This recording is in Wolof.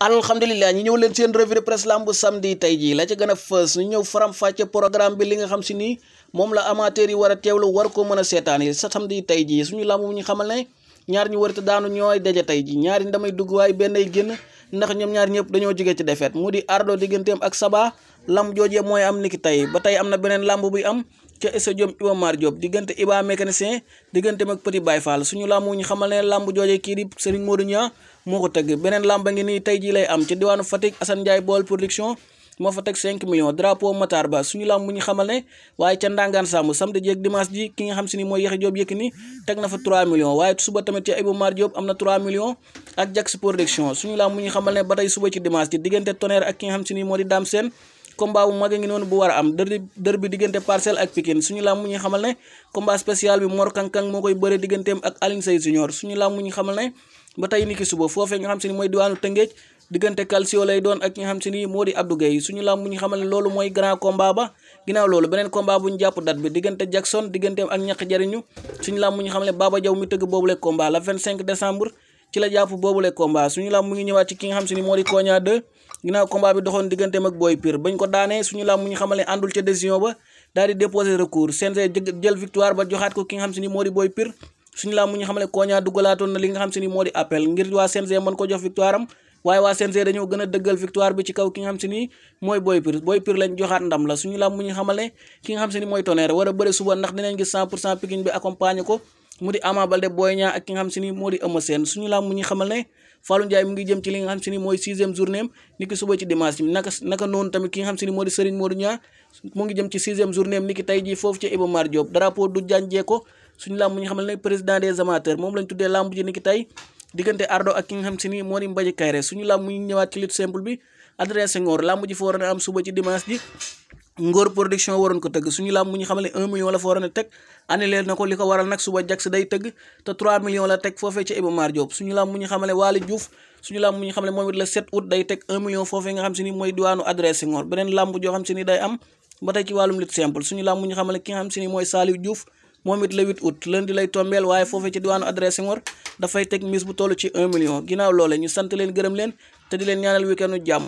alhamdulilah ñu ñëw leen seen revue de presse lamb samedi tey jii la ca gën a fës ñu ñëw faram-fàcce bi li nga xam si nii moom la amateur yi war teew teewlu war ko mën a seetaan yi sa samedi tey jii suñu lamb bu ñu xamal ne ñaar ñu warita daanu ñooy daje tey jii ñaari ndamay dugg waaye benn ay génn ndax ñoom ñaar ñëpp dañoo jógee ci defeet mu di ardo digganteem ak saba lamb joojee mooy am niki tey ba tey am na beneen làmb buy am ca stadium Iba Mar Diop diggante Iba mécanicien digganteem ak Petit Baye Fall suñu lamb wu ñu xamal ne lamb joojee kii di Serigne Modou Niang moo ko tëgg beneen lamba ngi nii tey jii lay am ci diwaanu Fatick Assane Ndiaye Baol production moo fa teg 5 millions drapeau Matar Ba suñu lamb bu ñu xamal ne waaye ca Ndangaan Samb samedi jeeg dimanche ji ki nga xam si ni mooy Yaxya Diop ni teg na fa 3 millions waaye suba tamit ci Ibou Mar Diop am na 3 millions ak Jax production suñu lamb mu ñu xamal ne ba tey suba ci dimanche ji diggante tonnerre ak ki nga xam si ni moo di Dame Sène combat bu mag a ngi noonu a am dër dër bi diggante ñu xamal ne combat spécial bi Mor Kankang moo koy bëre ak Alioune Seye Junior suñu lamb ñu xamal ba tey ni ki suba foofee nga xam si ni mooy diwaanu Tëngéej diggante Calcio lay doon ak ñi nga xam si ni moo di Abdou Gueye suñu làmb ñu xamal ne loolu mooy grand combat ba ginnaaw loolu beneen combat bu ñu jàpp date bi diggante Jackson digganteem ak ñaq jariñu suñu làmb ñu xamal ne Baba Jaw mi tëgg boobule combat la 25 décembre ci la jàpp boobule combat suñu làmb mu ngi ñëwaat ci ki nga xam si moo di Koña 2 ginnaaw combat bi ko daanee suñu làmb ñu xamal ne àndul ca décision ba daal di déposer recours CNG jël victoire ba joxaat ko ki nga xam moo di Boy Pire suñu laa mu ñu xamale Koña dugalaatoon na li nga xam se a dëggal victoire bi ci kaw ki nga xam se ni mooy Boy Pire Boy Pire lañ la suñu laa mu ñu xamale ki nga xam se ni mooy Tonnerre a bëri suba ndax dinañ gis 100 pour cent Pikine bi moo di suñu laa mu ñu xamal ne Fallou Ndiaye mu ngi jëm ci li nga xam se ni mooy sixième journée am ni naka naka noonu tamit ki nga moo di Serigne Modou Niang mu ngi jëm ci sixième journée am ni ki tey jii foofu ci Iba Mar Diop drapeau du jànjee ko suñu làmb ñu xamal xam si ni moo di Mbaye Kayre suñu làmb ñu ñëwaat ci lutte simple a am suba ci dimanche ji ko tëgg suñu làmb mu ñu xamal ne 1 million a teg suñu làmb mu ñu xamal ne Waly Diouf la 7 août day teg 1 million foofee nga xam si ni mooy diwaanu Adrien Senghor beneen làmb joo xam si ni day am ba tey ci wàllum lutte simple suñu làmb mu ñu xamal ne ki nga xam si ni mooy Saliou Diouf moom it le 8 août lundi lay tombeel waaye foofee ci diwaanu Adrien Senghor dafay teg mise bu toll ci 1 million ginnaaw loole ñu sant leen gërëm leen te di leen ñaanal weekendu jàmm